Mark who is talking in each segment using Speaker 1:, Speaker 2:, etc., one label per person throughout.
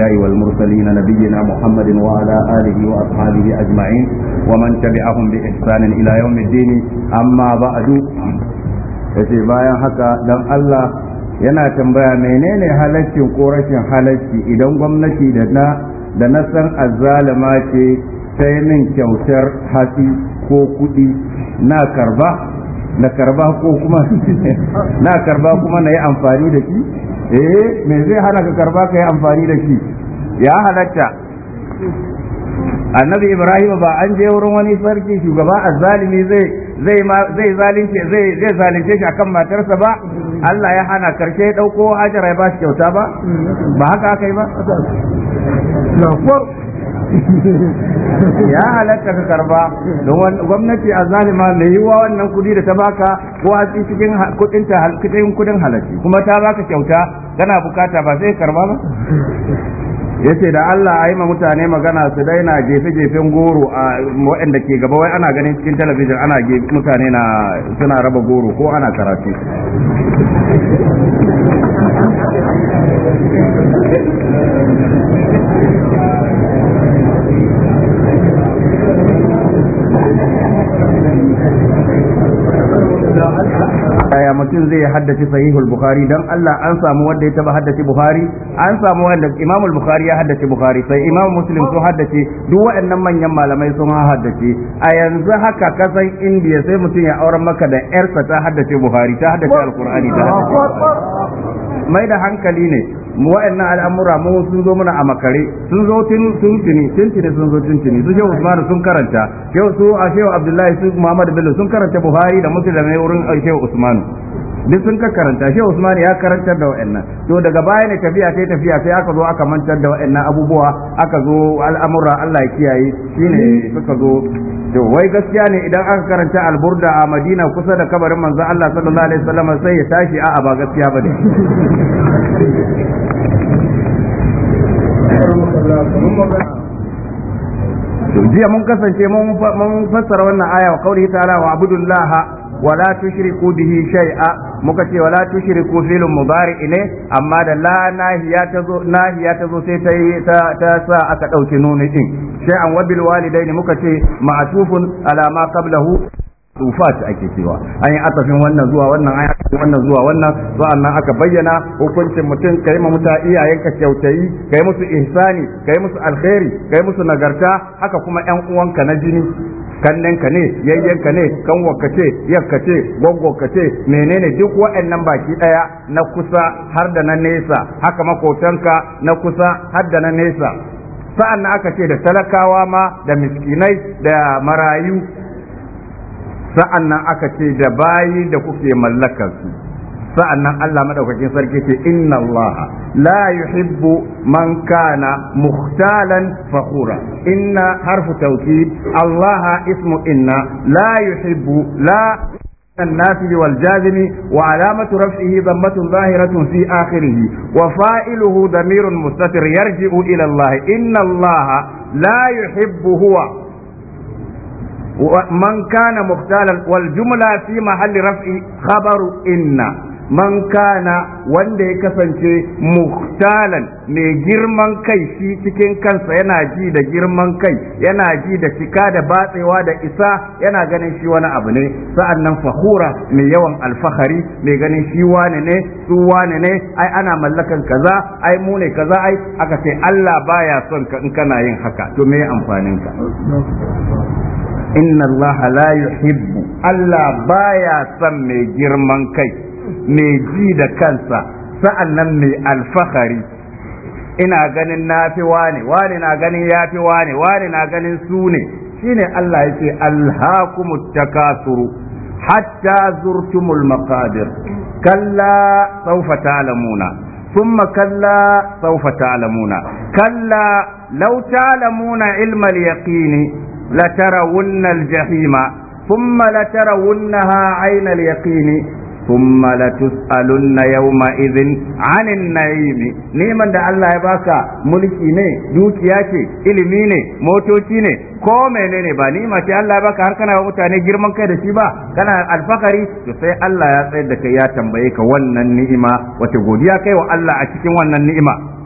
Speaker 1: الله والمرسلين نبينا محمد وعلى آله وأصحابه أجمعين ومن تبعهم بإحسان إلى يوم الدين أما بعد yace bayan haka dan Allah yana tambaya menene halaccin ko rashin halacci idan gwamnati da na da san azzalima ce yi min kyautar hasi ko kuɗi na karba na karba ko kuma na karba kuma na yi amfani da shi eh me zai hana ka karba ka yi amfani da shi ya halatta annabi ibrahim ba an je wurin wani sarki shugaba azzalimi zai zai zai zalunce zai zai zalunce shi akan matarsa ba Allah ya hana karshe ya dauko hajara ya ba shi kyauta ba ba haka aka yi ba ya halatta ka karba don gwamnati a zalima mai yiwuwa wannan kudi da ta baka ko a cikin kudin ta cikin kudin kuma ta baka kyauta kana bukata ba sai karba ba yace da Allah a yi ma mutane magana su daina gefe-gefen goro a waɗanda ke gaba wai ana ganin cikin talabijin ana mutane na suna raba goro ko ana karatu yaya mutum zai haddace sahihul bukhari dan Allah an samu wanda ya taba haddace bukhari an samu wanda imamul bukhari ya haddace bukhari sai imam muslim sun haddace duk waɗannan manyan malamai sun haddace a yanzu haka kasan indiya sai mutum ya auren maka da yarsa ta haddace bukhari ta haddace alqur'ani ta
Speaker 2: haddace
Speaker 1: mai da hankali ne Mu wa'annan al'amura mu sun zo mana a makare sun zo tun tun tuntuni sun zo tuntuni su shehu Usman sun karanta shehu su a shehu Abdullahi su Muhammad Bello sun karanta Buhari da Muslim ne wurin shehu Usman duk sun karanta shehu Usman ya karantar da wa'annan to daga baya ne tafiya sai tafiya sai aka zo aka mantar da wa'annan abubuwa aka zo al'amura Allah ya kiyaye shine suka zo to wai gaskiya ne idan aka karanta alburda a Madina kusa da kabarin manzo Allah sallallahu alaihi wasallam sai ya tashi a'a ba gaskiya bane jiya mun kasance mun fassara wannan aya wa kauli ta'ala wa abudullaha wa la tushriku bihi shay'a muka ce wa la tushriku fil mubari ne amma da la nahiya ta zo nahiya ta zo sai ta ta sa aka dauke nuni din shay'an wa bil walidaini muka ce ma'tufun ala ma qablahu tufat ake cewa an yi atafin wannan zuwa wannan an yi wannan zuwa wannan nan aka bayyana hukuncin mutum kai ma muta iyayenka kyautayi kai musu ihsani kai musu alkhairi kai musu nagarta haka kuma yan uwanka na jini kannenka ne yayyenka ne kan ce yakka ce menene duk waɗannan baki ɗaya na kusa har da na nesa haka makotanka na kusa har da na nesa sa'an aka ce da talakawa ma da miskinai da marayu sa'an nan aka ce da bayi da kuke mallakarsu sa'an nan Allah maɗaukakin sarki ce inna Allah la yuhibbu man kana muhtalan fahura inna harfu tauki Allah ismu inna la yuhibbu la النافل والجازم وعلامة رفعه ضمة ظاهرة في آخره وفائله ضمير مستتر يرجع إلى الله إن الله لا يحب هو من كان مختالا والجملة في محل رفع خبر إن من wanda ya kasance muhtalan mai girman kai shi cikin kansa yana ji da girman kai yana ji da cika da batsewa da isa yana ganin shi wani abu ne sa'annan fahura mai yawan alfahari mai ganin shi wani ne su wani ne ai ana mallakan kaza ai mu kaza ai aka ce Allah baya son ka in kana yin haka to me amfanin ka inna Allah la yuhibbu Allah baya son mai girman kai mai ji da kansa sa'annan mai alfahari ina ganin na fi wani, wane na ganin ya fi wani, wane na ganin su ne shine Allah yake alhaakumut takasuru hatta zurtumul maqadir kalla sawfa ta'lamuna ثم كلا سوف تعلمون كلا لو تعلمون ilmal اليقين لترون الجحيم ثم لترونها عين اليقين ثم لتسألن يومئذ عن النعيم نيمان da Allah ya baka mulki ne dukiya ce ilimi ne motoci ne ko menene ba ma ce Allah ya baka har kana mutane girman kai da shi ba kana alfakari to sai Allah ya tsayar da kai ya tambaye ka wannan ni'ima wace godiya kai wa Allah a cikin wannan ni'ima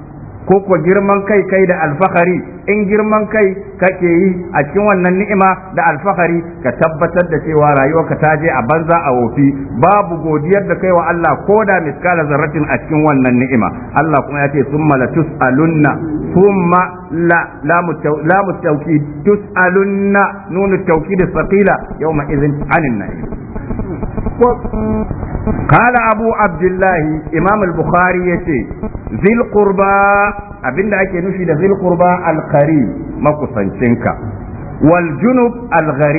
Speaker 1: ko ko girman kai kai da alfahari in girman kai kake yi a cikin wannan ni'ima da alfahari ka tabbatar da cewa rayuwarka ta je a banza a wofi babu godiyar da kai wa Allah ko da miskala zarratin a cikin wannan ni'ima Allah kuma ya ce summa la tus'alunna summa la la mutawkid tus'alunna nunu tawkid saqila yawma idhin anin na'im قال أبو عبد الله إمام البخاري ذي القربى أبن لك نشد ذي القربى القريب ما قصنشنك والجنب wal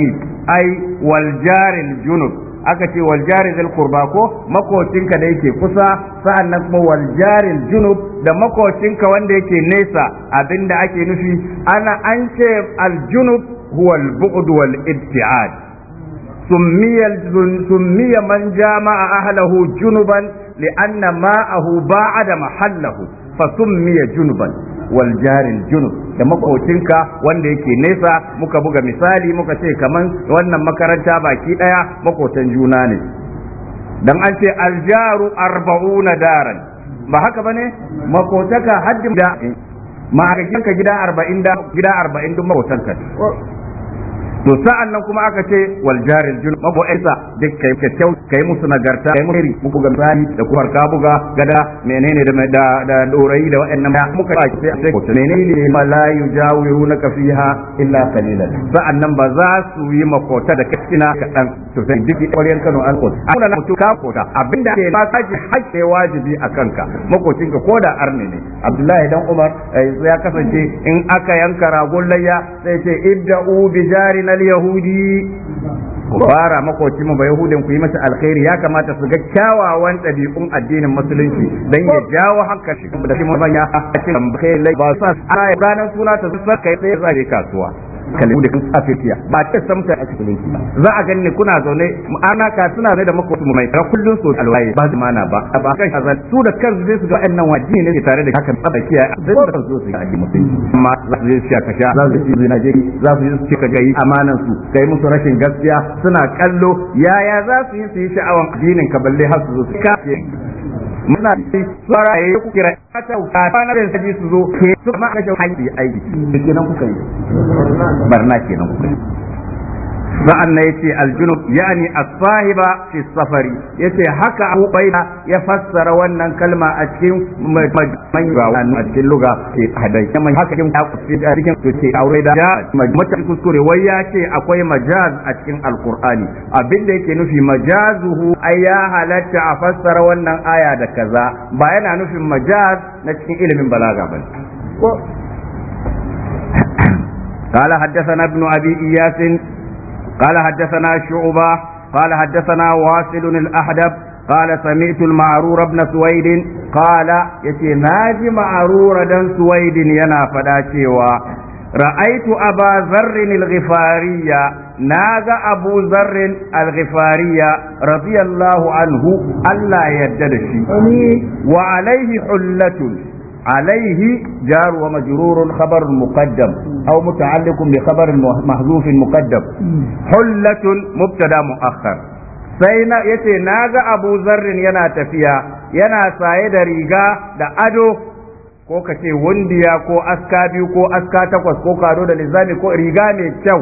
Speaker 1: أي والجار الجنب akace wal jari zil qurba ko makocinka da yake kusa sa'annan kuma wal jari junub da makocinka wanda yake nesa abinda ake nufi ana an ce al junub huwa al bu'd wal ibtiad سمي من جامع أهله جنبا لأن ماءه بعد محله فسمي جنبا والجار الجنب da makocinka wanda yake nesa muka buga misali muka ce kaman wannan makaranta baki daya makotan juna ne dan an ce aljaru arba'una daran ba haka bane makotaka haddin da ma ka gida arba'in da gida arba'in duk makotanka to sa'an nan kuma aka ce wal jaril jun mako isa duk kai kyau kai musu nagarta kai musu muku gamsani da kuma farka buga gada menene da da da dorayi da wa'annan muka ce sai menene ma la yujawirunaka fiha illa qalilan sa'an nan ba za su yi makota da kina kadan to sai duk ƙwaryen Kano an ko ana na ka kota abinda ke ba kaji hakki wajibi a kanka makocin ka koda arne ne Abdullahi dan Umar eh, ya kasance in aka yanka ragon layya sai ce ibda'u bi jarina al-yahudi bara makoci mu ba yahudin ku yi masa alkhairi ya kamata su ga kyawawan ɗabi'un addinin musulunci dan ya jawo hankali da kuma ya cikin alkhairi ba sa ranar suna ta zuwa kai sai ya kasuwa kalmu da afiya ba ta samta a cikin ki ba za a gani kuna zaune ana ka suna zaune da makwabci mai ra kullun so alwaye ba mana ba ba kan kaza su da kan zai su ga annan wajibi ne tare da haka ba da kiya zai da kansu su ga mutum amma za su yi ka sha za su yi zina je za su yi su cika gayi amanan su kai musu rashin gaskiya suna kallo yaya za su yi su yi sha'awan addinin ka balle har su zo su ka muna da tsara ya ku kira ta ta na da saji su zo ke su ma ga shi aiki aiki kenan kuka yi barna kenan kuka yi sa'an na yace aljunub yani as-sahiba fi safari yace haka Abu Baida ya fassara wannan kalma a cikin majmu'a a cikin lugha ke hadai kuma haka kin a cikin to ce aure da mata kuskure wai ya ce akwai majaz a cikin alqur'ani da yake nufi majazuhu ai ya halatta a fassara wannan aya da kaza ba yana nufin majaz na cikin ilimin balaga ba? قال حدثنا ابن ابي اياس قال حدثنا شعبة قال حدثنا واصل الأحدب قال سمعت المعرور بن سويد قال يتي ناجي معرور دن سويد ينا فداشيوا رأيت أبا ذر الغفارية ناغ أبو ذر الغفارية رضي الله عنه ألا يددشي وعليه حلة عليه جار ومجرور خبر مقدم أو متعلق بخبر محذوف مقدم حلة مبتدا مؤخر سينا يتي ناغا أبو ذر ينا تفيا ينا سايد ريغا دا أدو ko ka ce wundiya ko aska biyu ko aska takwas ko kado da lizami ko riga mai kyau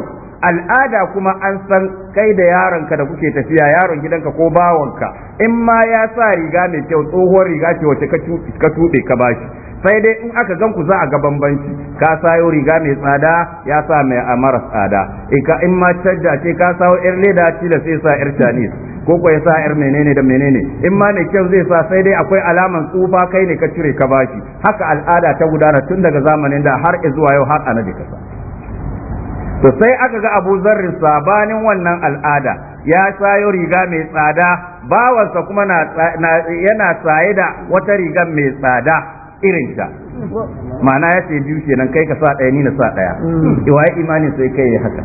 Speaker 1: al'ada kuma an san kai da yaronka da kuke tafiya yaron gidanka ko bawanka in ma ya sa riga mai kyau tsohuwar riga ce wacce ka tuɗe ka bashi sai dai in aka gan ku za a ga bambanci ka sayo riga mai tsada ya sa mai amara tsada in e, ka in ma ce ka sayo yar leda cila sai sa yar chinese ko ko ya sa yar menene da menene in ma mai kyau zai sa sai dai akwai alaman tsufa kai ne ka cire ka bashi haka al'ada ta gudana tun daga zamanin da har zuwa yau har ka kasa to sai aka ga Abu Zarri sabanin wannan al'ada ya sayo riga mai tsada bawansa kuma yana saye da wata riga mai tsada irin ta ma'ana ya ce biyu kenan kai ka sa ɗaya ni na sa ɗaya waye imanin sai kai ya haka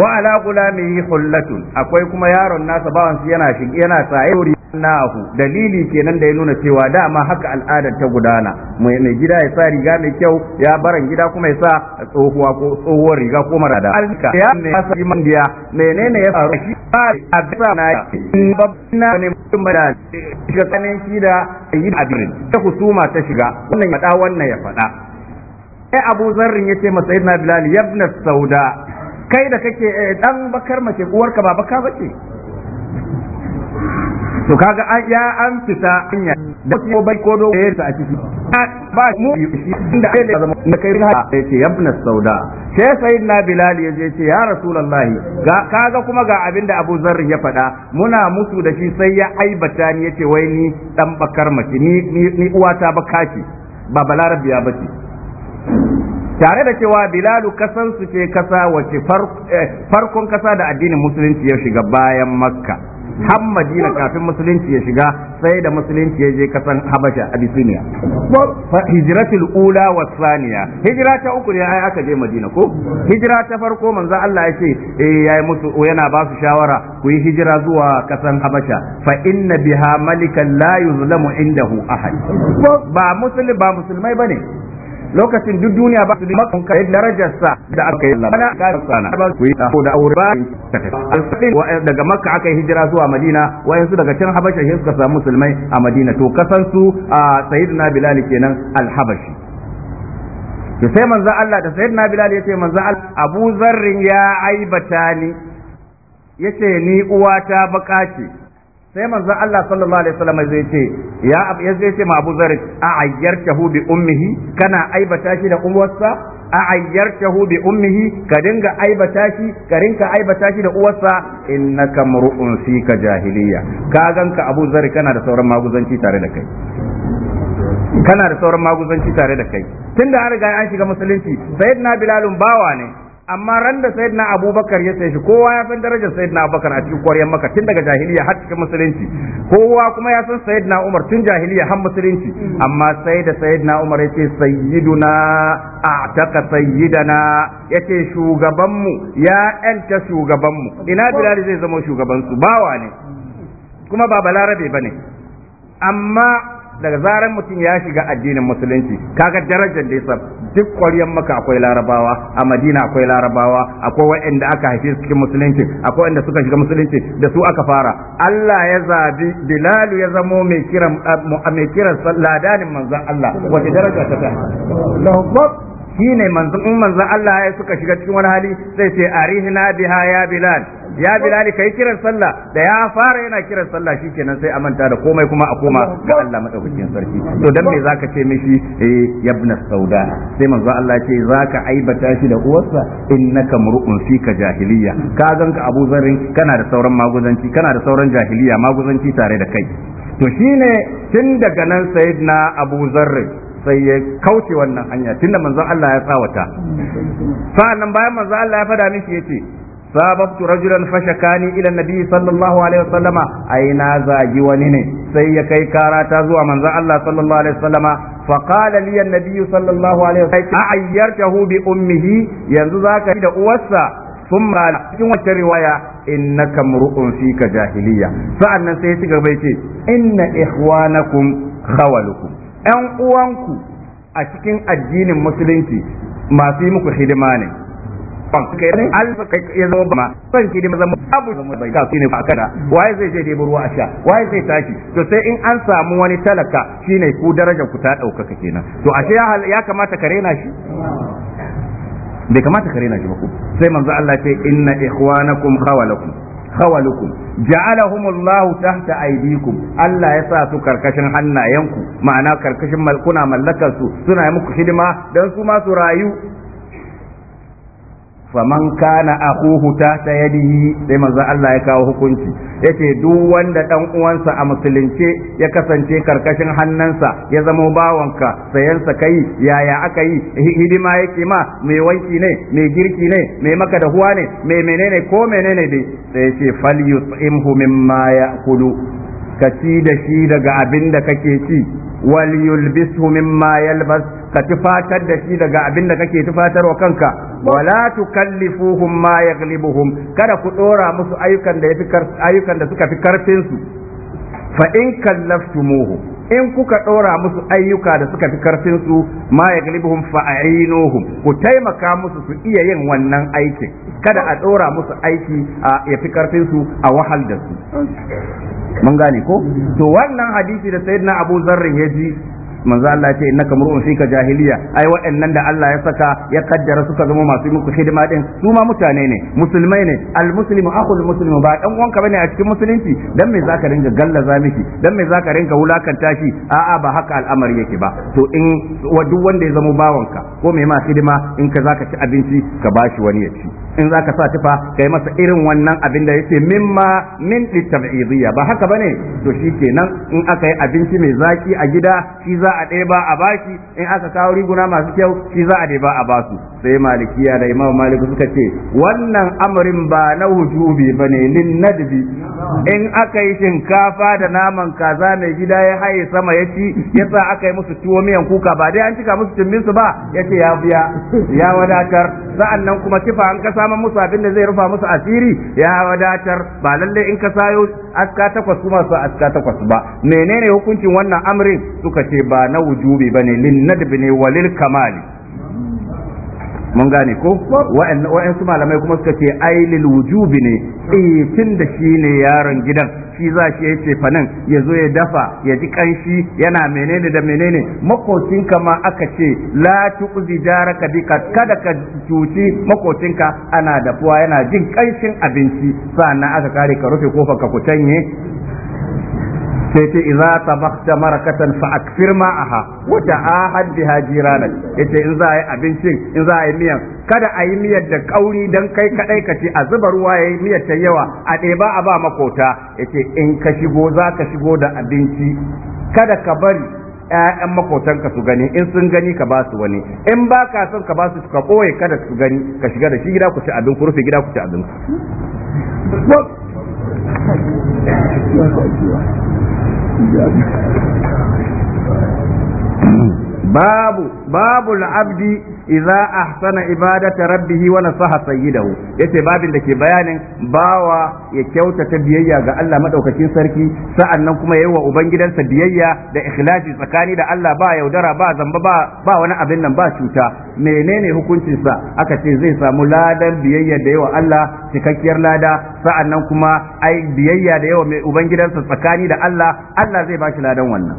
Speaker 1: wa ala yi hullatun akwai kuma yaron nasa bawansu yana shi yana tsaye nahu dalili kenan da ya nuna cewa dama haka al'adar ta gudana mai gida ya sa riga mai kyau ya baran gida kuma ya sa tsohuwa ko tsohuwar riga ko mara da alka ya ne ya sa iman menene ya faru shi ba a bisa na yi babbana ne mutum da shiga tsanin shi da yi abin ta kusuma ta shiga wannan ya faɗa wannan ya faɗa sai abu zarrin ya ce masa na bilal bina sauda kai da kake dan eh, bakar mace uwarka ba baka bace to kaga an ya an fita hanya da ko bai ko do ya ta ciki ba mu inda ai da zama na kai ha ya ce yabna sauda sai sayyidina bilal ya je ce ya rasulullahi ga kaga kuma ga abin da Abu Zarr ya faɗa muna musu da shi sai ya aibata ni yace wai ni dan bakar mace ni ni uwata baka ce ba balarabiya bace tare da cewa bilalu kasansu ce kasa wace eh, farkon kasa da addinin musulunci ya shiga bayan makka har madina kafin musulunci ya shiga sai da musulunci ya je kasan habasha abisiniya hijratul ula wa thaniya hijira ta uku ne ai aka je madina ko hijira ta farko manzo Allah ya ce eh yayi musu yana ba su shawara ku yi hijira zuwa kasan habasha fa inna biha malikan la yuzlamu indahu ahad ba musulmi ba musulmai bane lokacin duk duniya ba su makon kai darajarsa da aka yi lana ka sana ba su yi da aure ba alfin daga makka aka yi hijira zuwa madina wayansu daga can habasha sai suka samu musulmai a madina to kasansu su sayyidina bilal kenan alhabashi to sai manzo Allah da sayyidina bilal yace manzo Allah Abu Zarrin ya aibata ni yace ni uwata baka ce sai manzon Allah sallallahu alaihi wasallam zai ce ya ya zai ce ma Abu Zar a ayyartahu bi ummihi kana aibata shi da uwarsa a ayyartahu bi ummihi ka dinga aibata shi ka rinka aibata shi da uwarsa innaka fi ka jahiliya ka ganka Abu Zar kana da sauran maguzanci tare da kai kana da sauran maguzanci tare da kai tunda an riga an shiga musulunci sayyidina bilalun bawa ne amma ran da sayyidina abubakar ya sai shi kowa ya san darajar sayyidina abubakar a cikin kwaryan maka tun daga jahiliya har cikin musulunci kowa kuma ya san sayyidina umar tun jahiliya har musulunci amma sai da sayyidina umar ya ce sayyiduna a'taqa sayyidana ya ce shugabanmu ya yanta shugabanmu ina bilal zai zama shugabansu bawa ne kuma ba balarabe bane amma daga zaran mutum ya shiga addinin musulunci kaga darajar da yasa duk ƙwaryan maka akwai larabawa a madina akwai larabawa akwai waɗanda aka haife su cikin musulunci akwai wanda suka shiga musulunci da su aka fara Allah ya zabi Bilal ya zamo mai kiran eh, mai kiran ladanin manzon Allah wace daraja ta ta shine manzon in manzon Allah ya suka shiga cikin wani hali sai ce arihna biha ya bilal ya bilal kai kiran sallah da ya fara yana kiran sallah shikenan sai a manta da komai kuma a koma ga Allah madaukakin sarki to dan me zaka ce mishi eh yabna sauda sai manzon Allah ce zaka aibata shi da uwarsa innaka mur'un fika jahiliya ka ganka Abu Zarrin kana da sauran maguzanci kana da sauran jahiliya maguzanci tare da kai to shine tun daga nan sayyidina Abu Zarrin sai ya kauce wannan hanya tunda manzon Allah ya tsawata sa'annan bayan manzon Allah ya fada mishi yace sababtu rajulan fashakani ila nabi sallallahu alaihi wasallama ai na zagi wani ne sai ya kai karata zuwa manzon Allah sallallahu alaihi wasallama fa qala sallallahu alaihi wasallam ayyartahu bi ummihi yanzu zaka da uwarsa sun ثم cikin wata riwaya in innaka mur'un fika jahiliya sa'annan sai ya ci gaba yace inna ikhwanakum khawalukum 'yan uwanku a cikin addinin musulunci masu yi muku hidima ne kai alfa kai ya zama ba ma son ki da zama abu bai kasu shine ba kada waye zai je debo ruwa a sha waye zai tashi to sai in an samu wani talaka shine ku darajar ku ta daukaka kenan to ashe ya kamata ka rena shi bai kamata ka rena shi ba ku sai manzo Allah ya ce inna ikhwanakum khawalakum khawalukum ja'alahumullahu tahta aydikum Allah ya sa su karkashin hannayenku ma'ana karkashin malkuna mallakar su suna muku hidima dan su ma su rayu faman kana akuhu ta ta yadihi sai manzo Allah ya kawo hukunci yace duk wanda dan uwansa a musulunce ya kasance karkashin hannansa ya zama bawanka sayansa kai yaya aka yi hidima yake ma mai wanki ne mai girki ne mai maka da huwa ne mai menene ko menene dai sai yace falyut'imhu mimma ya'kulu ka ci da shi daga abin da kake ci wal yulbisu mimma yalbas ka tufatar da shi daga abin da kake wa kanka wala tukallifuhum ma yaghlibuhum kada ku dora musu ayyukan da yafi ayyukan da suka fi karfin su fa in kallaftumuhu in kuka dora musu ayyuka da suka fi karfin su ma yaghlibuhum fa a'inuhum ku taimaka musu su iya yin wannan aikin kada a dora musu aiki a yafi karfin su a wahal da su mun gane ko to wannan hadisi da sayyidina Abu Zarr ya ji manzo Allah ya ce innaka mur'un ka jahiliya ai waɗannan da Allah ya saka ya kaddara suka zama masu muku hidima din su ma mutane ne musulmai ne almuslimu akhul muslimu ba dan uwanka bane a cikin musulunci dan me zaka ringa gallaza miki dan me zaka ringa wulakanta shi a'a ba haka al'amari yake ba to in duk wanda ya zama bawanka ko mai ma hidima in ka zaka ci abinci ka bashi wani ya ci in zaka sa tufa kai masa irin wannan abin da yake mimma min litab'idiyya ba haka bane to shikenan in aka yi abinci mai zaki a gida shi za a ɗeba a bashi in aka kawo riguna masu kyau shi za a ɗeba a basu sai malikiya da imam malik suka ce wannan amarin ba na hujubi ba ne nin nadbi in aka yi shinkafa da naman kaza mai gida ya haye sama ya ci yasa aka yi musu tuwo miyan kuka ba dai an cika musu cimmin su ba ya ya biya ya wadatar sa'an nan kuma kifa an ka samun musu abin da zai rufa musu asiri ya wadatar ba lalle in ka sayo aska takwas kuma su aska takwas ba menene hukuncin wannan amrin suka ce ba na wujubi ba ne, nadbi ne walil kamali mun gane ko wa'ansu malamai kuma suka ce ai lil wujubi ne eh shi ne yaron gidan shi za shi yace fanin ya zo ya dafa ya ji kanshi yana menene da menene makocinka ma aka ce la tuqzi jaraka bi kada ka cuci makocinka ana dafuwa yana jin kanshin abinci sannan aka kare ka rufe kofar ka ku canye sai ce idza tabakhta marakatan fa akfir aha wa ta'ahad biha jiranak yace in za a yi abincin in za a yi miyan kada a yi miyar da kauri dan kai kadai ka ce a zuba ruwa yayi miyar ta yawa a ɗeba a ba makota yace in ka shigo za ka shigo da abinci kada ka bari ƴaƴan makotanka su gani in sun gani ka ba su wani in ba ka son ka ba su ka ɓoye kada su gani ka shiga da shi gida ku ci abin ku rufe gida ku ci abin babu babu abdi iza ahsana ibadata rabbih wa nasaha sayyidahu yace babin da ke bayanin bawa ya kyautata biyayya ga Allah madaukakin sarki sa'annan kuma yayi wa ubangidansa biyayya da ikhlasi tsakani da Allah ba yaudara ba zamba ba ba wani abin nan ba cuta menene hukuncin sa aka ce zai samu ladan biyayya da yawa Allah cikakkiyar lada sa'annan kuma ai biyayya da yawa mai ubangidansa tsakani da Allah Allah zai ba shi ladan wannan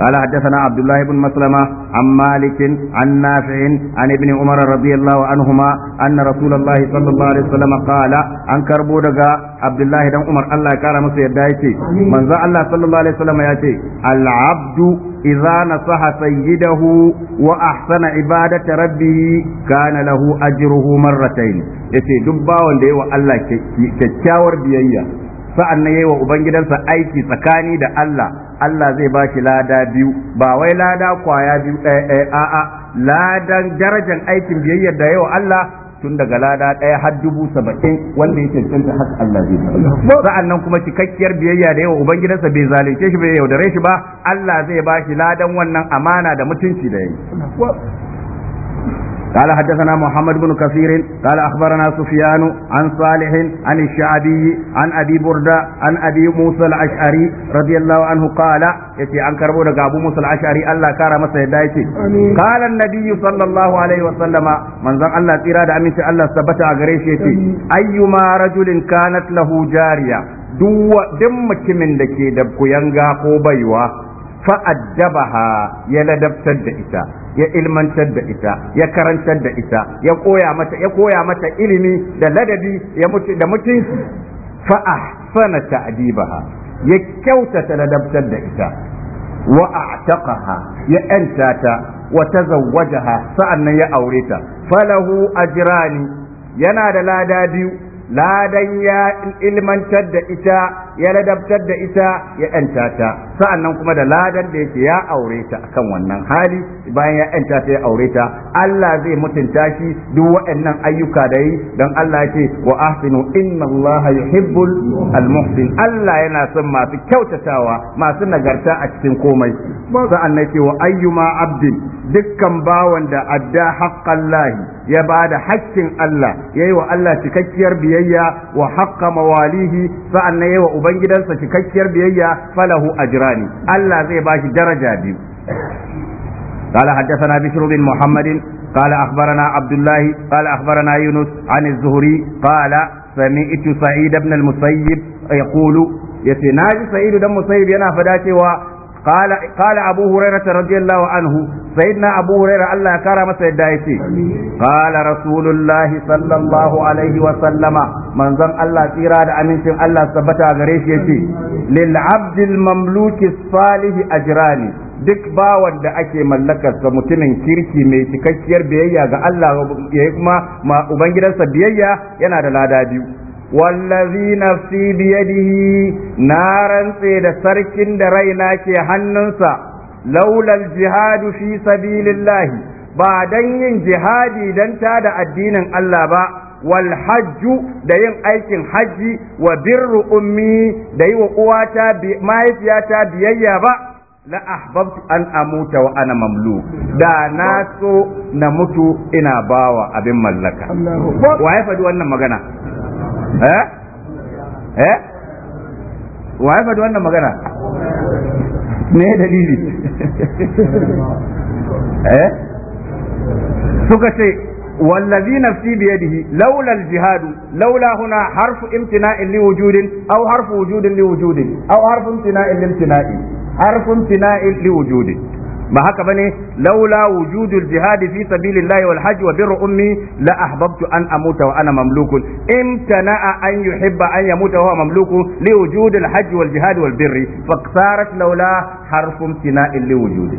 Speaker 1: قال حدثنا عبد الله بن مسلمة عن مالك عن نافع عن ابن عمر رضي الله عنهما أن رسول الله صلى الله عليه وسلم قال عن كربودغا عبد الله بن عمر الله كان مسير دايتي من ذا الله صلى الله عليه وسلم ياتي العبد إذا نصح سيده وأحسن عبادة ربه كان له أجره مرتين يتي دبا وندي والله كتشاور بيئيا sa'an na yi wa Ubangidansa aiki tsakani da Allah Allah zai ba shi lada biyu ba wai lada kwaya biyu ɗaya eh, ɗaya eh, a'a ladan darajar aikin biyayyar da yawa Allah tun daga lada ɗaya har dubu saba'in wanda ya cancanta haka Allah zai ba sa'an nan kuma cikakkiyar biyayya da yawa ubangidansa bai zalunce shi bai yaudare shi ba Allah zai ba shi ladan wannan amana da mutunci da yayi قال حدثنا محمد بن كثير قال أخبرنا سفيان عن صالح عن الشعبي عن أبي بردة عن أبي موسى الأشعري رضي الله عنه قال يتي عن كربو أبو موسى الأشعري الله كرم سيدايتي قال النبي صلى الله عليه وسلم من ذا الله تيراد أمين الله ثبت أغريش يتي أيما رجل كانت له جارية دو دم من دكي دبكو ينغا قوبيوه fa'addabaha ya ladabtar da ita ya ilmantar da ita ya karantar da ita ya koya mata ya koya mata ilimi da ladabi ya mutu da mutunci fa ahsana ta'dibaha ya kyautata ladabtar da ita wa a'taqaha ya anta ta wa tazawwajaha sa'annan ya aure ta falahu ajrani yana da lada biyu ladan ya ilmantar da ita ya ladabtar da ita ya yanta ta sa'annan kuma da ladan da yake ya aure ta akan wannan hali bayan ya ɗanta ta ya aure ta Allah zai mutunta shi duk waɗannan ayyuka da yi dan Allah yake wa ahsinu inna Allah yuhibbul almuhsin Allah yana son masu kyautatawa masu nagarta a cikin komai sa'annan yake wa ayyuma abdin dukkan bawan da adda haqqallahi ya ba da haƙƙin Allah ya yi wa Allah cikakkiyar biyayya wa haƙƙa mawalihi sa'an na yi wa ubangidansa cikakkiyar biyayya falahu ajrani Allah zai bashi daraja biyu قال حدثنا بشر بن محمد قال أخبرنا عبد الله قال أخبرنا يونس عن الزهري قال سمعت سعيد بن المسيب يقول yace na ji sa'idu dan musayyib yana fada cewa قال قال ابو هريره رضي الله عنه سيدنا ابو هريره الله كرم سيدنا يتي قال رسول الله صلى الله عليه وسلم من زم الله تيرا دا امينتين الله ثبتا غريش يتي للعبد المملوك الصالح اجران duk bawan da ake mallakarsa mutumin kirki mai cikakkiyar biyayya ga Allah ya kuma ma ubangidansa biyayya yana da lada biyu wallazi nafsi biyadihi na rantse da sarkin da raina ke hannunsa laulal jihadu fi sabilillahi ba dan yin jihadi dan da addinin Allah ba wal da yin aikin hajji wa birru ummi da yi wa uwata mahaifiyata biyayya ba la ahbabtu an amuta wa ana mamlu da na so na mutu ina bawa abin mallaka wa ya faɗi wannan magana eh eh wa haifar da wannan magana ne dalili eh suka ce wallazi nafsi bi yadihi laula aljihadu laula huna harfu imtina'in li wujudin aw harfu wujudin li wujudin aw harfu imtina'in li imtina'in harfu imtina'in li wujudin ba haka bane laula wujudul jihadi fi sabilillahi wal hajj wa birru ummi la ahbabtu an amuta wa ana mamlukun imtana'a an yuhibba an yamuta wa mamlukun li wujudil hajj wal jihad wal birri fa sarat laula harfun tina'in li wujudi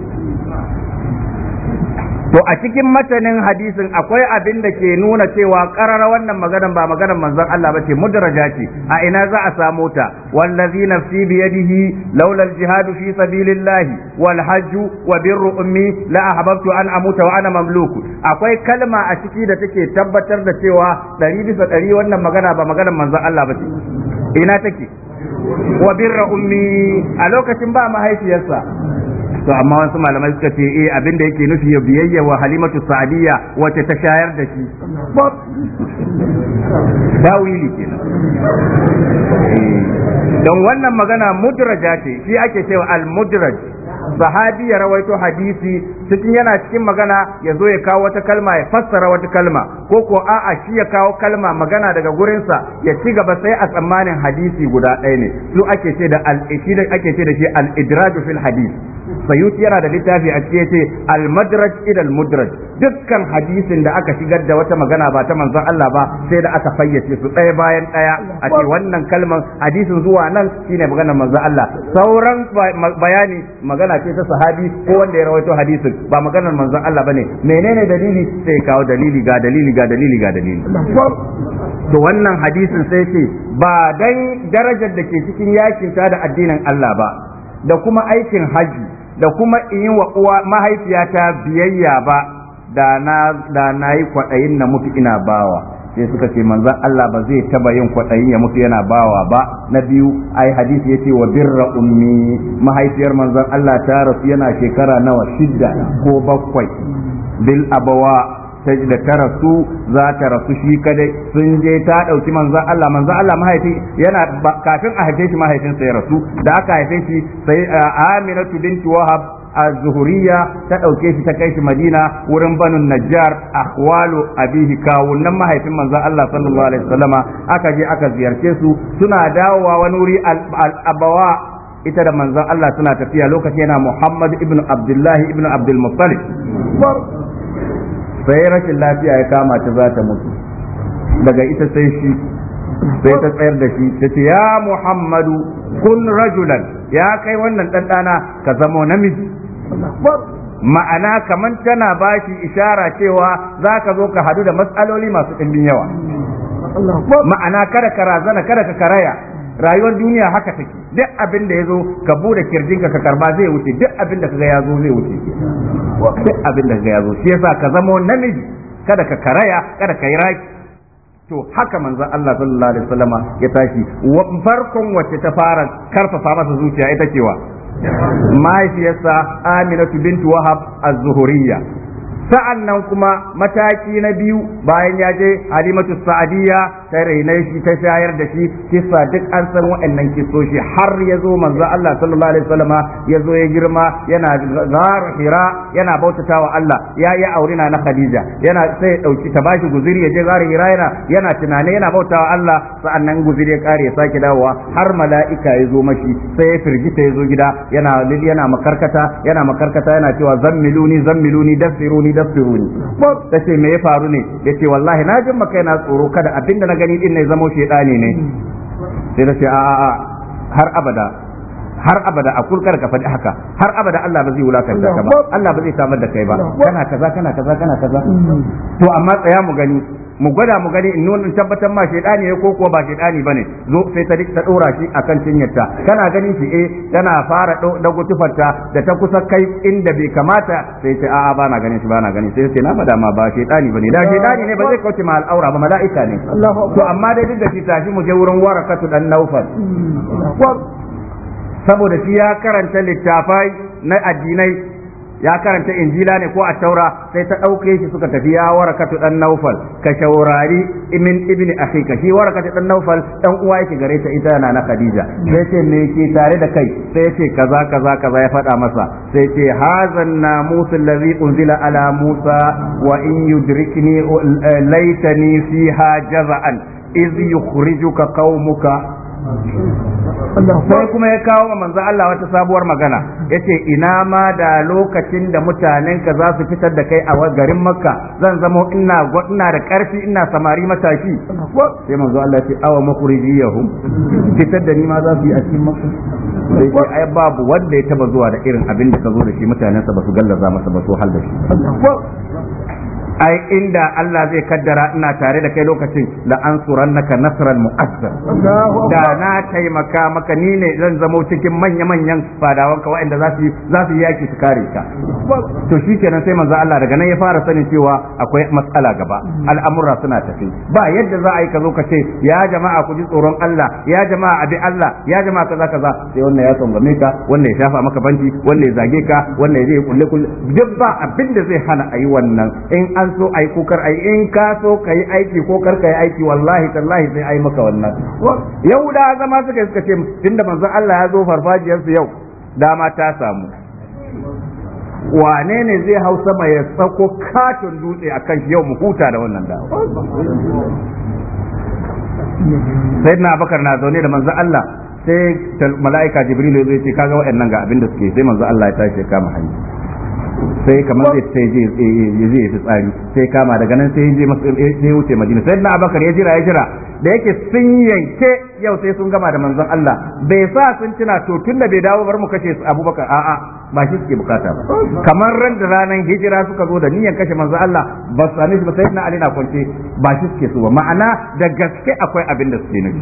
Speaker 1: to a cikin matanin hadisin akwai abin da ke nuna cewa karara wannan maganan ba maganan manzon Allah ba ce ce a ina za a samo ta wallazi nafsi bi yadihi laula al-jihad fi sabilillahi, wal hajj wa birru ummi la ahbabtu an amuta wa ana mamluku akwai kalma a ciki da take tabbatar da cewa ɗari bisa ɗari wannan magana ba maganan manzon Allah ba ce ina take wa birra ummi a lokacin ba mahaifiyarsa to amma wasu malamai suka ce eh abin da yake nufi ya biyayya wa halimatu sa'adiyya wacce ta shayar da shi tawili kenan eh, don wannan magana mudraja ce shi ake cewa al-mudraj sahabi ya rawaito hadisi cikin yana cikin magana ya zo ya kawo wata kalma ya fassara wata kalma ko ko a'a shi ya kawo kalma magana daga gurinsa ya ci gaba sai a tsammanin hadisi guda ɗaya ne su ake ce da al ake da al-idraju fil hadisi sayuti yana da littafi a cikin yace al-madraj ila al dukkan hadisin da aka shigar da wata magana ba ta manzon Allah ba sai da aka fayyace su ɗaya bayan ɗaya a ce wannan kalmar hadisin zuwa nan shine maganar manzon Allah sauran bayani magana ce ta sahabi ko wanda ya rawaito hadisin ba maganar manzon Allah bane menene dalili sai kawo dalili ga dalili ga dalili ga dalili to wannan hadisin sai ce ba dan darajar da ke cikin yakin ta da addinin Allah ba da kuma aikin haji da kuma in yi wa uwa mahaifiyata biyayya ba da na yi kwaɗayin na mutu ina bawa sai suka ce manzon Allah ba zai taba yin kwaɗayin ya mutu yana bawa ba na biyu ai hadisi ya ce wa birra ummi mahaifiyar manzon Allah ta rasu yana shekara nawa shidda ko bakwai bil abawa da ta rasu za ta rasu shi kadai sun je ta ɗauki manzon Allah manzon Allah mahaifi yana kafin a haife shi mahaifinsa ya rasu da aka haife shi sai Aminatu binti Wahab az-zuhuriya ta dauke shi ta kai shi Madina wurin banu Najjar ahwalu abihi kawunan mahaifin manzon Allah sallallahu alaihi wasallama aka je aka ziyarce su suna dawowa wani wuri al-abawa ita da manzon Allah suna tafiya lokaci yana Muhammad ibn Abdullahi ibn Abdul Muttalib sai rashin lafiya ya kama ta za ta mutu daga ita sai shi sai ta tsayar da shi ta ya muhammadu kun rajulan ya kai wannan ɗanɗana ka zamo namiji ma'ana kamar tana ba shi ishara cewa za ka zo ka hadu da matsaloli masu ɗimbin yawa ma'ana kada ka razana kada ka karaya rayuwar duniya haka take duk abin da ya zo ka bude kirjinka ka karba zai wuce duk abin da kaga ya zo zai wuce duk abin da kaga ya zo shi yasa ka zama namiji kada ka karaya kada ka yi raki to haka manzon Allah sallallahu alaihi wasallama ya tashi farkon wacce ta fara karfafa masa zuciya ita cewa mahaifiyarsa Aminatu bintu Wahab az-Zuhuriyya sa'an kuma mataki na biyu bayan ya je Halimatu Sa'adiyya ta raine shi ta shayar da shi kisa duk an san waɗannan kisoshi har ya zo manzo Allah sallallahu alaihi wasallama ya zo ya girma yana zaru hira yana bautata wa Allah ya yi aure na Khadija yana sai ya dauki ta bashi guziri ya je zaru hira yana yana tunane yana bautawa wa Allah sa'annan guziri ya kare ya sake dawowa har mala'ika ya zo mashi sai ya firgita ya zo gida yana yana makarkata yana makarkata yana cewa zammiluni zammiluni dasiruni dasiruni ko tace me ya faru ne yace wallahi na jin maka yana tsoro kada abinda na gani din ne zamo shedani ne sai ta ce a a har abada har abada a kurkar ka faɗi haka har abada Allah ba zai da ka ba Allah ba zai samar da kai ba kana kaza kana kaza kana kaza to amma tsaya mu gani mu gwada mu gani in nuna tabbatar ma shaidani ne ko kuwa ba shaidani bane zo sai ta ta dora shi akan cinyarta kana ganin shi eh tana fara dago tufarta da ta kusa kai inda bai kamata sai ta a'a bana ganin shi bana ganin sai sai na fada ma ba shaidani bane da shaidani ne ba zai kauce ma al'aura ba mala'ika ne to amma dai duk da shi tashi mu je wurin warakatu dan naufal hmm. saboda shi ya karanta littafai na addinai ya karanta injila ne ko a taura sai ta ɗauke shi suka tafi ya warakatu dan naufal ka shaurari min ibn akhika shi warakatu dan naufal dan uwa yake gare ta ita na na khadija sai ce me ke tare da kai sai ce kaza kaza kaza ya faɗa masa sai ce hazan namus allazi unzila ala musa wa in yudrikni laitani fiha jaza'an iz yukhrijuka qaumuka sai kuma ya kawo wa manzo Allah wata sabuwar magana yace ina ma da lokacin da mutanen ka za su fitar da kai a garin Makka zan zamo ina ina da karfi ina samari matashi sai manzo Allah ya ce awa makhrijiyahum fitar da ni ma za su yi a cikin Makka sai ai babu wanda ya taba zuwa da irin abin da ka zo da shi mutanensa ba su gallaza masa ba su hal da shi ai inda Allah zai kaddara ina tare da kai lokacin la naka nasran mu'azzam da na taimaka maka ni ne zan zamo cikin manya manyan fadawan ka waɗanda za su za su yaki su kare ka to shikenan sai manzo Allah daga nan ya fara sanin cewa akwai matsala gaba al'amura suna tafi ba yadda za a yi ka zo ka ce ya jama'a ku ji tsoron Allah ya jama'a abi Allah ya jama'a kaza kaza sai wannan ya tsangwame ka wannan ya shafa maka banki wannan ya zage ka wannan ya je kulle kulle duk ba abin da zai hana a yi wannan in an so ai ko ai in ka so kai aiki ko kar kai aiki wallahi tallahi sai ai maka wannan yau da zama suka suka ce tunda manzon Allah ya zo farfajiyar su yau dama ta samu wane ne zai hau sama ya tsako katon dutse akan yau mu huta da wannan da sai na bakar na zaune da manzon Allah sai mala'ika jibril ya zo ya ce kaga waɗannan ga abin da suke sai manzon Allah ya tashi ya kama hanya sai kamar zai sai je ya je tsari sai kama daga nan sai je eh, sai wuce madina sai na abakar ya jira ya jira da yake sun yanke yau sai sun gama da manzon Allah bai sa sun tuna to tun da bai dawo bar mu kashe su abubakar a'a ba shi suke bukata ba kamar ran da ranan hijira suka zo da niyan kashe manzon Allah ba su sani shi ba sai na ali na kwance ba shi suke so ba ma'ana da gaske akwai abin da suke nufi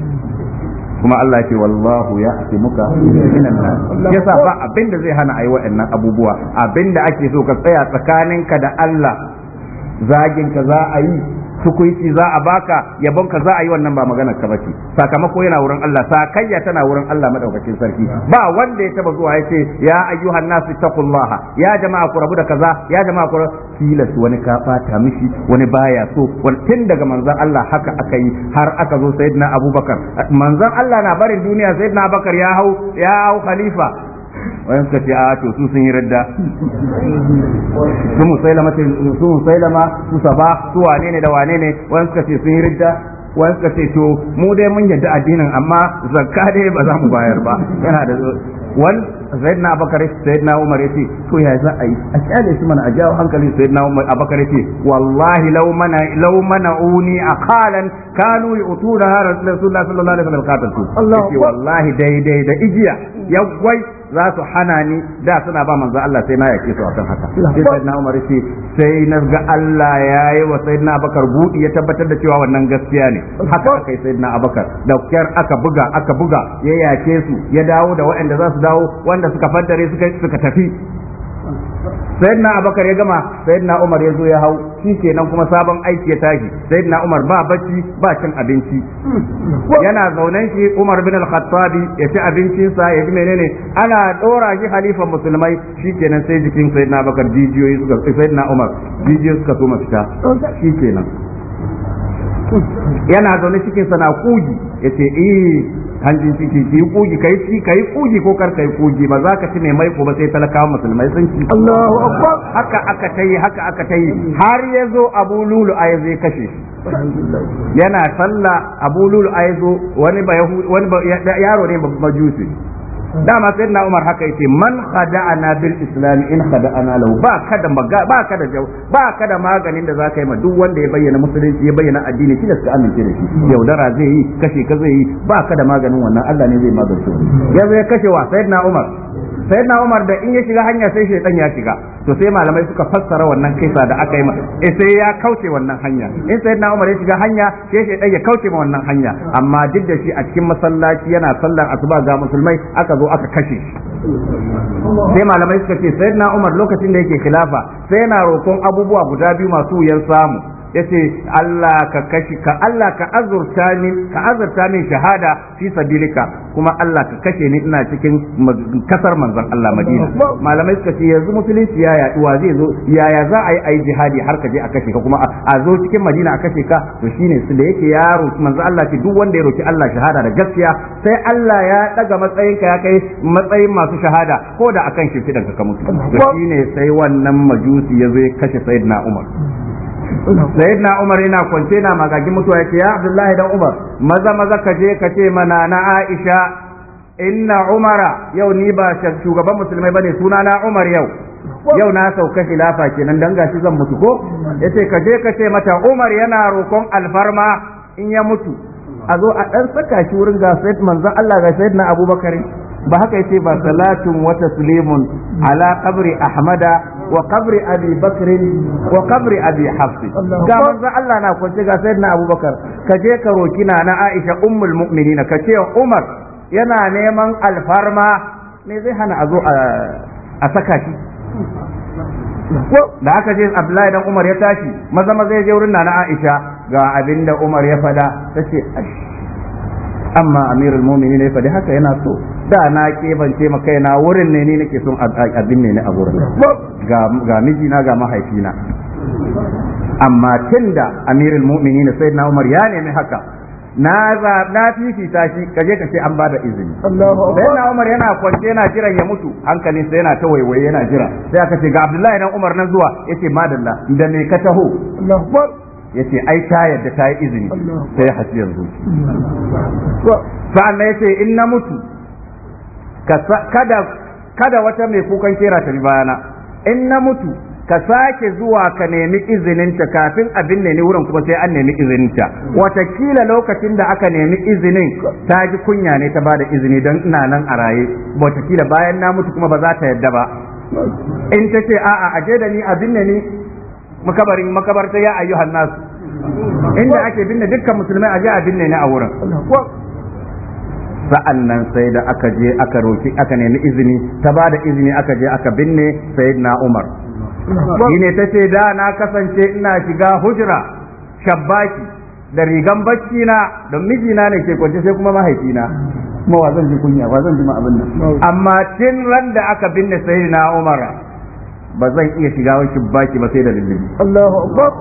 Speaker 1: kuma Allah ce wallahu ya ake muka minan nan yasa ba da zai hana yi waɗannan abubuwa abinda ake so ka tsaya tsakaninka da Allah zagin ka za a yi tukuici za a baka yabon ka za a yi wannan ba maganar ka bace sakamako yana wurin Allah sakayya tana wurin Allah madaukakin sarki ba wanda ya taba zuwa yace ya ayyuhan nasu taqullaha ya jama'a ku rabu da kaza ya jama'a ku tilas wani ka fata mishi wani baya so wani tun daga manzon Allah haka aka yi har aka zo sayyidina Abubakar manzon Allah na barin duniya sayyidina Abubakar ya hau ya hau khalifa wayan suka ce a to su sun yi radda su musailama su musailama su saba su wane ne da wane ne wayan suka ce sun yi radda wayan suka ce to mu dai mun yadda addinin amma zakka dai ba za mu bayar ba yana da wal zaidna abakar zaidna umar yace to ya za a yi a kyale shi mana a jawo hankali zaidna umar abakar yace wallahi law mana law mana uni aqalan kanu yu'tuna rasulullah sallallahu alaihi wasallam qatal wallahi daidai da igiya yawai za su hana ni da suna ba manzo Allah sai na yake su akan haka sai na Umar shi sai na ga Allah yayi wa sayyidina Abakar budi ya tabbatar da cewa wannan gaskiya ne haka kai sayyidina Abakar da kyar aka buga aka buga ya yake su ya dawo da waɗanda za su dawo wanda suka faddare suka suka tafi sayyidina abakar ya gama sayyidina umar ya zo ya hau shi kenan kuma sabon aiki ya tashi sayyidina umar ba bacci ba cin abinci yana zaunen shi umar bin al-khattabi ya ci abincinsa ya ji menene ana dora shi halifan musulmai shi kenan sai jikin sayyidina abakar jijiyoyi suka eh, sayyidina umar jijiyoyi suka so mafita shi kenan yana zaune cikin sana kugi ce eh hanjin ciki ki yi kugi kai ci kai kugi ko kar kai kugi ba za ka ci mai maiko ba sai talakawa musulmai sun ci Allahu akbar haka aka tayi haka aka tayi har ya zo Abu Lulu ai zai kashe yana sallah Abu Lulu ai zo wani ba wani yaro ne majusi dama sai na umar haka yace man khada'ana bil islam in khada'ana law ba kada ba kada jau ba kada maganin da zaka yi ma duk wanda ya bayyana musulunci ya bayyana addini da ka amince da shi yaudara zai yi kashe ka zai yi ba kada maganin wannan Allah ne zai magance yanzu ya kashe wa sayyidina umar sayyidina umar da in ya shiga hanya sai shaytan ya shiga to sai malamai suka fassara wannan kisa da aka yi ma eh, sai ya kauce wannan hanya in sai na umar ya shiga hanya sai shi ya kauce ma wannan hanya amma duk da shi a cikin masallaci yana sallar asuba ga musulmai aka zo aka kashe shi sai malamai suka ce sayyidina umar lokacin da yake khilafa sai yana roƙon abubuwa guda biyu masu wuyan samu yace Allah ka kashi ka Allah ka azurta ni ka azurta ni shahada fi sabilika kuma Allah ka kashe ni ina cikin kasar manzon Allah Madina malamai suka ce yanzu musulunci ya ya duwa zai zo yaya za a yi ai jihadi har ka je a kashe ka kuma a zo cikin Madina a kashe ka to shine su da yake yaro manzon Allah ki duk wanda ya roki Allah shahada da gaskiya sai Allah ya daga matsayin ka ya kai matsayin masu shahada ko da akan shi fidan ka mutu shine sai wannan majusi ya zo ya kashe sayyidina Umar na umar yana kwance na magagin mutuwa yace ya abdullahi dan umar maza maza ka je ka ce mana na aisha inna umara yau ni ba shugaban musulmai ne suna na umar yau yau na sauka hilafa kenan dan gashi zan mutu ko yace ka je ka ce mata umar yana rokon alfarma in ya mutu a zo a ɗan saka shi wurin ga sayyid manzon Allah ga na abubakar ba haka yace ba salatun wata taslimun ala Abri ahmada wa qabri abi bakr wa qabri abi hafs ga manzo Allah na kwance ga sayyidina abubakar ka je ka roki na na aisha ummul mu'minin ka ce umar yana neman alfarma me zai hana a zo a saka shi da aka ce abdullahi dan umar ya tashi maza maza ya je wurin nana aisha ga abinda umar ya fada ta ce amma amirul mu'minin ya fadi haka yana so da na ke bance ma kaina wurin ne ni nake son abin ne ni a wurin ga mijina ga mahaifina amma tunda amirul mu'minin sayyidina Umar ya nemi haka na za na fifita shi kaje kace an bada izini sayyidina Umar yana kwance yana jiran ya mutu hankalin sa yana ta waiwaye yana jira sai aka ce ga Abdullahi dan Umar nan zuwa yace madalla da me ka taho yace ai ta yadda ta yi izini sai hasiyar zuci sa'an yace in na mutu kada kada wata mai kukan kera ta bi bayana in na mutu ka sake zuwa ka nemi izininta kafin abin ne wurin kuma sai an nemi izininta watakila lokacin da aka nemi izinin ta ji kunya ne ta bada izini don ina nan a raye watakila bayan na mutu kuma ba za ta yadda ba in ta ce a'a aje da ni abin ne ni makabarin makabarta ya ayyuhan nasu inda ake binne dukkan musulmai aje a binne ne a wurin sa'an nan sai da aka je aka roki aka nemi izini ta ba da izini aka je aka binne na Umar ne ta ce da na kasance ina shiga hujra shabbaki da rigan bacci na don mijina ne ke kwance sai kuma mahaifina kuma wa zan ji kunya wa zan ji ma abin nan amma tun ran da aka binne na Umar ba zan iya shiga wani shabbaki ba sai da lullubi Allahu akbar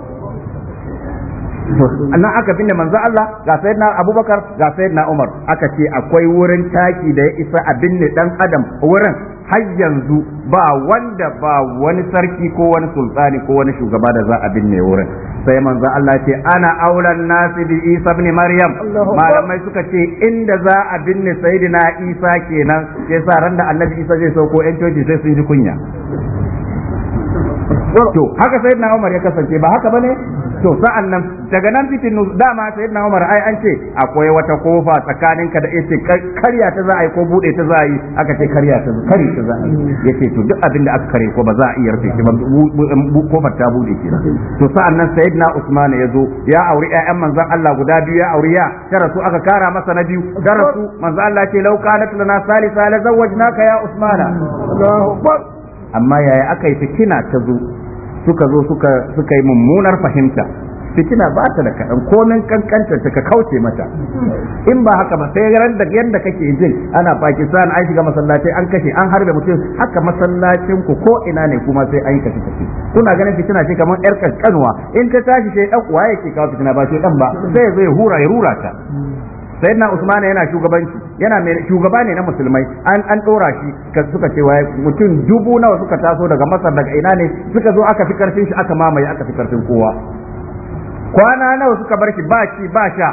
Speaker 1: annan aka binne manzo Allah ga sayyidina Abubakar ga sayyidina Umar aka ce akwai wurin taki da ya isa a binne dan adam wurin har yanzu ba wanda ba wani sarki ko wani sultani ko wani shugaba da za a binne wurin sai manzo Allah ce ana aulan nasi bi Isa ibn Maryam malamai suka ce inda za a binne sayyidina Isa kenan yasa ran da Annabi Isa zai sauko yan coci sai sun ji kunya to haka sayyidina Umar ya kasance ba haka bane to sa'an nan daga nan titin dama sai na Umar ai an ce akwai wata kofa tsakaninka da yace karya ta za a yi ko bude ta za a yi aka ce karya ta kari ta za a yi mm. yace to duk abin da aka kare ko ba za a iya rufe shi ba kofar ta bude kenan to sa'an nan sayyidina Usman ya zo ya auri ƴaƴan manzon Allah guda biyu ya auri ya tara su aka kara masa na biyu tara su manzon Allah ce lau kanat lana salisa la zawajnaka ya Usmana mm. Allahu akbar amma yaya aka yi fitina ta zo suka zo suka yi mummunar fahimta fitina ba ta da kaɗan komin kankanta ta ka kauce mata in ba haka ba sai ran da yadda kake jin ana pakistan an shiga masallaci an kashe an harbe mutum haka masallacin ku ko ina ne kuma sai an kashe kashe kuna ganin fitina ce kamar yar kankanwa in ta tashi sai dan uwa yake kawo fitina ba sai dan ba sai ya ya hura ya rura ta sayyidina usman yana shugabanci yana mai shugaba ne na musulmai an an dora shi ka suka ce waye mutum dubu nawa suka taso daga masar daga ina ne suka zo aka fi karfin shi aka mamaye aka fi karfin kowa kwana nawa suka bar shi ba shi ba sha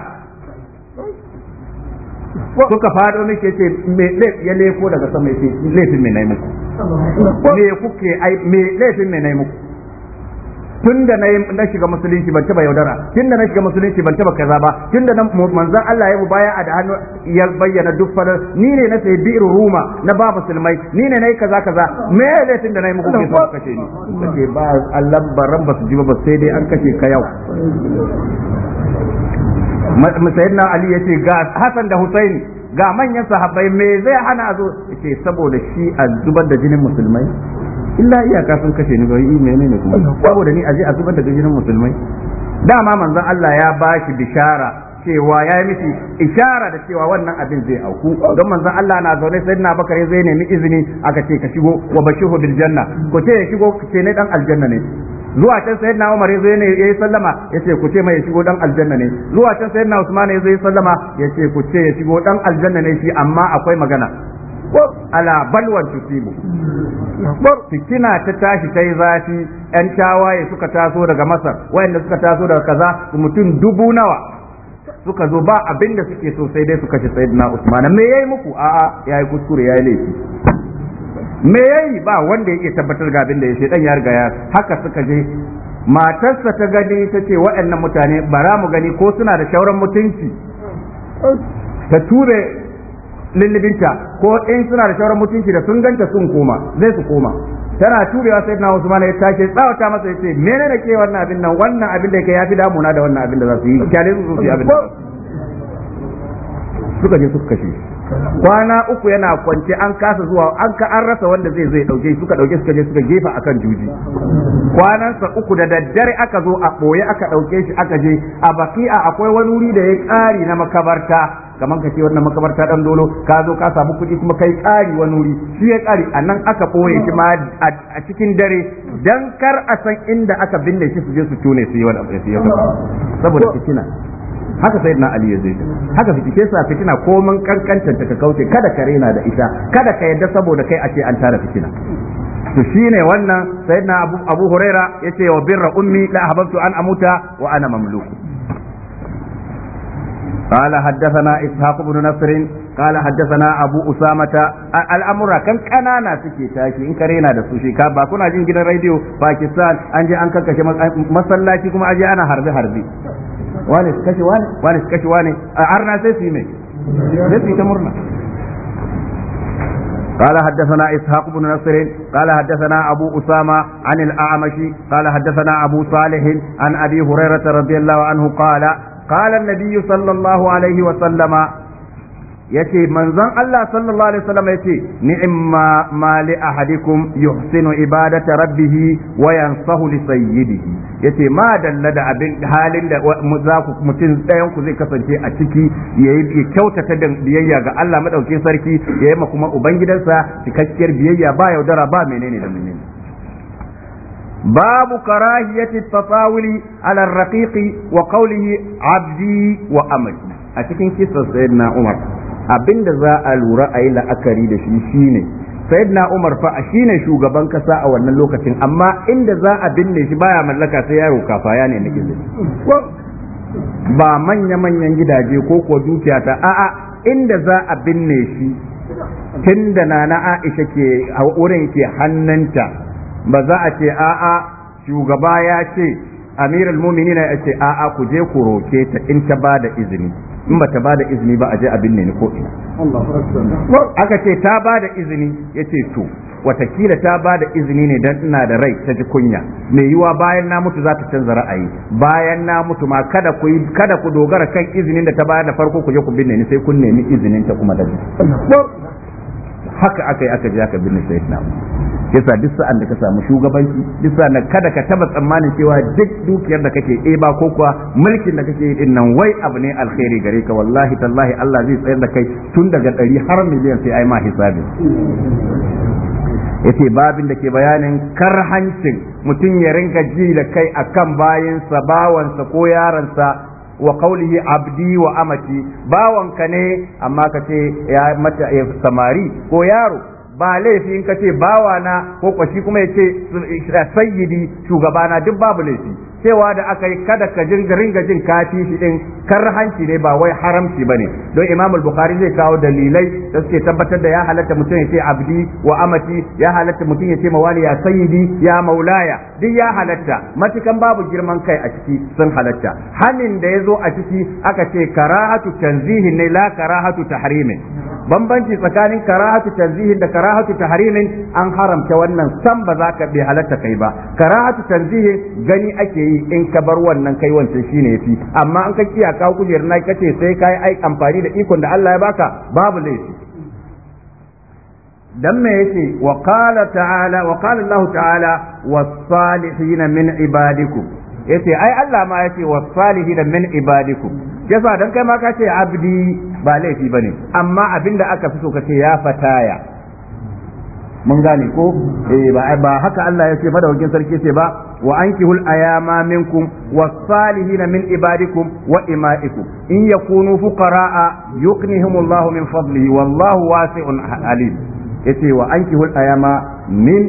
Speaker 1: suka fado mishi yace me ya leko daga sama yace laifin me nayi muku me kuke ai me lefin me nayi muku tun da na shiga musulunci ban taba yaudara tun da na shiga musulunci ban taba kaza ba tun da manzan Allah ya baya a da hannu ya bayyana duk fadar ni ne na sayi bi'ir ruma na ba musulmai ni ne na yi kaza kaza me ya da na yi muku ke kashe ni kace ba Allah baran ba su ji ba sai dai an kashe ka yau sayyidina Ali yace ga Hassan da Husaini ga manyan sahabbai me zai hana a zo yace saboda shi a zubar da jinin musulmai illa iyaka sun kashe ni ba yi ne kuma da ni aje a zubar da gidan musulmai dama manzon Allah ya bashi bishara cewa ya yi miki ishara da cewa wannan abin zai auku don manzon Allah na zaune sai na bakare zai nemi izini aka ce ka shigo wa bashihu bil janna ko ce ya shigo ce ne dan aljanna ne zuwa can sayyidina Umar zai ne yayi sallama yace ku ce mai ya shigo dan aljanna ne zuwa can sayyidina Usman zai sallama yace ku ce ya shigo dan aljanna ne shi amma akwai magana ala balwan tusibu fitina ta tashi ta yi zafi yan tawaye suka taso daga masar wayanda suka taso daga kaza mutum dubu nawa suka zo ba abinda da suke so sai dai su kashe sayyidina usman me yayi muku a'a yayi kuskure yayi laifi me yayi ba wanda yake tabbatar ga abin da ya shedan ya riga ya haka suka je matarsa ta gani ta ce waɗannan mutane bara mu gani ko suna da shauran mutunci ta ture lullubinta ko in suna da shawarar mutunci da sun ganta sun koma zai su koma tana turewa sai na Usman ya tashi tsawata masa yace menene ke wannan abin nan wannan abin da yake yafi damuna da wannan abin da za su yi kyale su su abin suka je suka kashe kwana uku yana kwance an kasa zuwa an ka an rasa wanda zai zai dauke suka dauke suka je suka gefa akan juji kwanansa uku da daddare aka zo a boye aka dauke shi aka je a baki'a akwai wani wuri da ya kari na makabarta kamar ka ce wannan makabarta dan dolo ka zo ka samu kuɗi kuma kai ƙari wani wuri shi ya ƙari a nan aka ɓoye shi ma a cikin dare dan kar a san inda aka binne shi su je su tone su yi wani abu su yi saboda fitina haka sai na Ali ya zai haka ke sa fitina ko mun ta ka kauce kada ka rena da ita kada ka yadda saboda kai a ce an tara fitina to shine wannan sayyidina abu abu huraira yace wa birra ummi la ahbabtu an amuta wa ana mamluku قال حدثنا إسحاق بن نصر قال حدثنا أبو أسامة الأمر كان كانانا سكي تاكي إن كرينا دسوشي كابا كنا جين جدا راديو باكستان أنجي أنك كشي مسلاتي كما أجي أنا حربي حربي wani su kashe wani wani su kashe wani a arna sai su yi mai sai su yi ta murna قال حدثنا إسحاق بن نصر قال حدثنا أبو أسامة عن الأعمش قال حدثنا أبو صالح عن أبي هريرة رضي الله عنه قال qala an-nabiy sallallahu alaihi wa sallama yace manzon Allah sallallahu alaihi wasallam yace ni'imma mali ahadikum yuhsinu ibadata rabbih wa yansahu li sayyidihi yace ma dalla da abin halin da za mutum ɗayan ku zai kasance a ciki yayi kyautata da biyayya ga Allah madaukin sarki yayi ma kuma ubangidansa cikakkiyar biyayya ba yaudara ba menene da menene باب كراهية التطاول على الرقيق وقوله عبدي وأمري أتكين كيسة سيدنا عمر أبن ذا الورأي لأكري دشي شيني sayyidina Umar fa shine shugaban kasa a wannan lokacin amma inda za a binne shi baya mallaka sai yaro kafaya ne na izini ba manya-manyan gidaje ko ko dukiya ta a'a inda za a binne shi tun da na Aisha ke wurin ke hannunta ba za a ce a'a shugaba ya ce amirul mu'minina ya ce a'a ku je ku roke ta in ta bada da izini in ba ta ba da izini ba a je abin ne ni ko ina aka ce ta ba da izini ya ce to watakila ta ba da izini ne dan ina da rai ta ji kunya me yiwa bayan na mutu za ta canza ra'ayi bayan na mutu ma kada ku kada ku dogara kan izinin da ta bayar da farko ku je ku binne ni sai kun nemi izinin ta kuma da haka aka yi aka je aka binne na Kisa duk sa'an da ka samu shugabanci duk sa'an da kada ka taba tsammanin cewa duk dukiyar da kake ɗeba ko kuwa mulkin da kake din nan wai abu ne alkhairi gare ka wallahi tallahi Allah zai tsayar da kai tun daga ɗari har miliyan sai ai ma hisabi yace babin da ke bayanin karhancin mutum ya rinka ji da kai akan bayansa bawansa ko yaransa wa qawlihi abdi wa amati bawanka ne amma ka ce ya mata eh, samari ko yaro ba laifi in ka ce bawana ko kwashi kuma ya ce eh, sayyidi shugabana duk babu laifi cewa da aka yi kada ka jin ringa jin kafi shi din hanci ne ba wai haramci bane don Imam al-Bukhari zai kawo dalilai da suke tabbatar da ya halatta mutum ya ce abdi wa amati ya halatta mutum ya ce mawali ya sayyidi ya maulaya duk ya halatta matukan babu girman kai a ciki sun halatta hanin da ya zo a ciki aka ce karahatu tanzihin ne la karahatu tahrimin bambanci tsakanin karahatu tanzihin da karahatu tahrimin an haramta wannan san ba za ka bi halatta kai ba karahatu tanzihin gani ake yi in ka bar wannan kai wancan shine yafi amma an ka kiya ka kujer na kace sai kai ai amfani da ikon da Allah ya baka babu laifi dan me yake wa qala ta'ala wa qala Allah ta'ala was-salihin min ibadikum yace ai Allah ma yace was-salihin min ibadikum yasa dan kai ma kace abdi ba laifi bane amma abinda aka fi so ka ce ya fataya mun gane ko eh, ba haka Allah ya ce madawakin sarki ce ba wa ankihul ayama minkum wa salihina min ibadikum wa ima'ikum in yakunu fuqara'a yuqnihimullahu min fadlihi wallahu wasi'un alim yace wa ankihul ayama min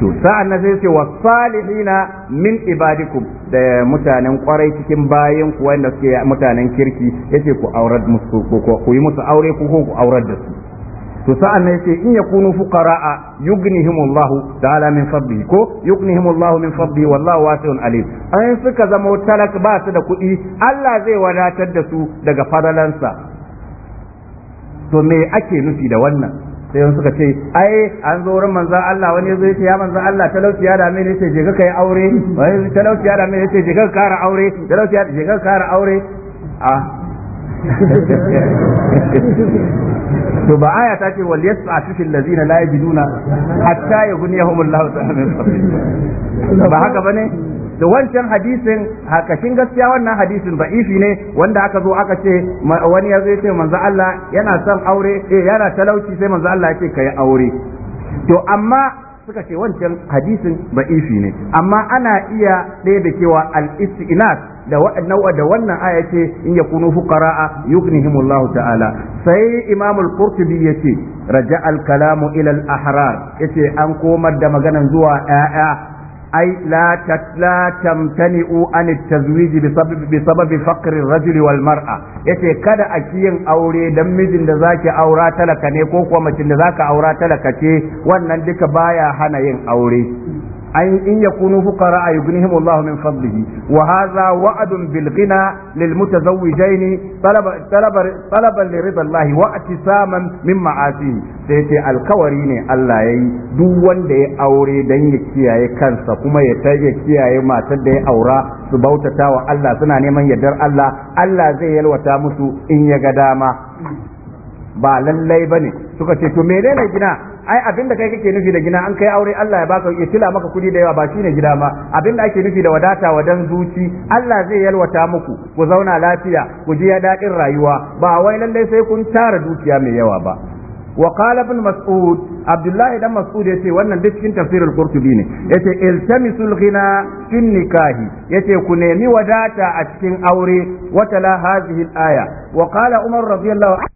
Speaker 1: to sa'an sai ce wa salihina min ibadikum da mutanen kwarai cikin bayan ku wanda suke mutanen kirki yace ku aurar musu ko ku yi musu aure ko ku aurar da su to sa'an nan yace in yakunu fuqara'a yughnihimullahu ta'ala min fadli ko yughnihimullahu min fadli wallahu wasi'un alim an suka zama talak ba su da kuɗi Allah zai wadatar da su daga faralansa to me ake nufi da wannan sai suka ce ai an zo wurin manzo Allah wani zai yace ya manzo Allah talauci ya dame ne sai je ka kai aure wani talauci ya dame ne sai je ka kara aure talauci ya je ka kara aure a ah. to ba aya ta ce wal yas'atu allazina la yajiduna hatta ya yughniyahum Allahu ta'ala min ba haka bane da wancan hadisin hakashin gaskiya wannan hadisin da'ifi ne wanda aka zo aka ce wani ya zai ce manzo Allah yana son aure eh yana talauci sai manzo Allah ya ce yi aure to amma suka ce wancan hadisin ba'ifi ne amma ana iya ɗaya da cewa al istinas da waɗannan da wannan aya ce in yakunu fuqara'a yughnihimullahu ta'ala sai Imam al-Qurtubi yace raja al-kalamu ila al-ahrar yace an komar da maganan zuwa 'ya'ya أي لا لا تمتنعوا عن التزويج بسبب بسبب فقر الرجل والمرأة yace kada a yin aure dan mijin da zaki aura talaka ne ko kuwa macin da zaka aura talaka ce wannan duka baya hana yin aure أي إن يكونوا فقراء يغنيهم الله من فضله وهذا وعد بالغنى للمتزوجين طلب طلب طلبا لرضا الله واعتصاما من معاصيه sai alkawari ne Allah ya yi duk wanda ya aure dan ya kiyaye kansa kuma ya ya kiyaye matar da ya aura su bautata wa Allah suna neman yardar Allah Allah zai yalwata musu in ya ga dama ba lallai ba ne suka ce to menene gina ai abin da kai kake nufi da gina an kai aure Allah ya baka ya tila maka kudi da yawa ba shine gida ba abin da ake nufi da wadata wadan zuci Allah zai yalwata muku ku zauna lafiya ku ji daɗin rayuwa ba wai lallai sai kun tara dukiya mai yawa ba wa qala ibn mas'ud abdullahi dan mas'ud yace wannan duk cikin tafsirul qurtubi ne yace iltamisul ghina fin nikahi yace ku nemi wadata a cikin aure wa tala hadhihi al-aya wa qala umar radiyallahu